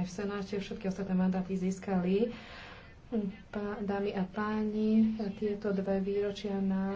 aj v Senáte všetky ostatné mandáty získali. Hm, Pá, dámy a páni, tieto dve výročia na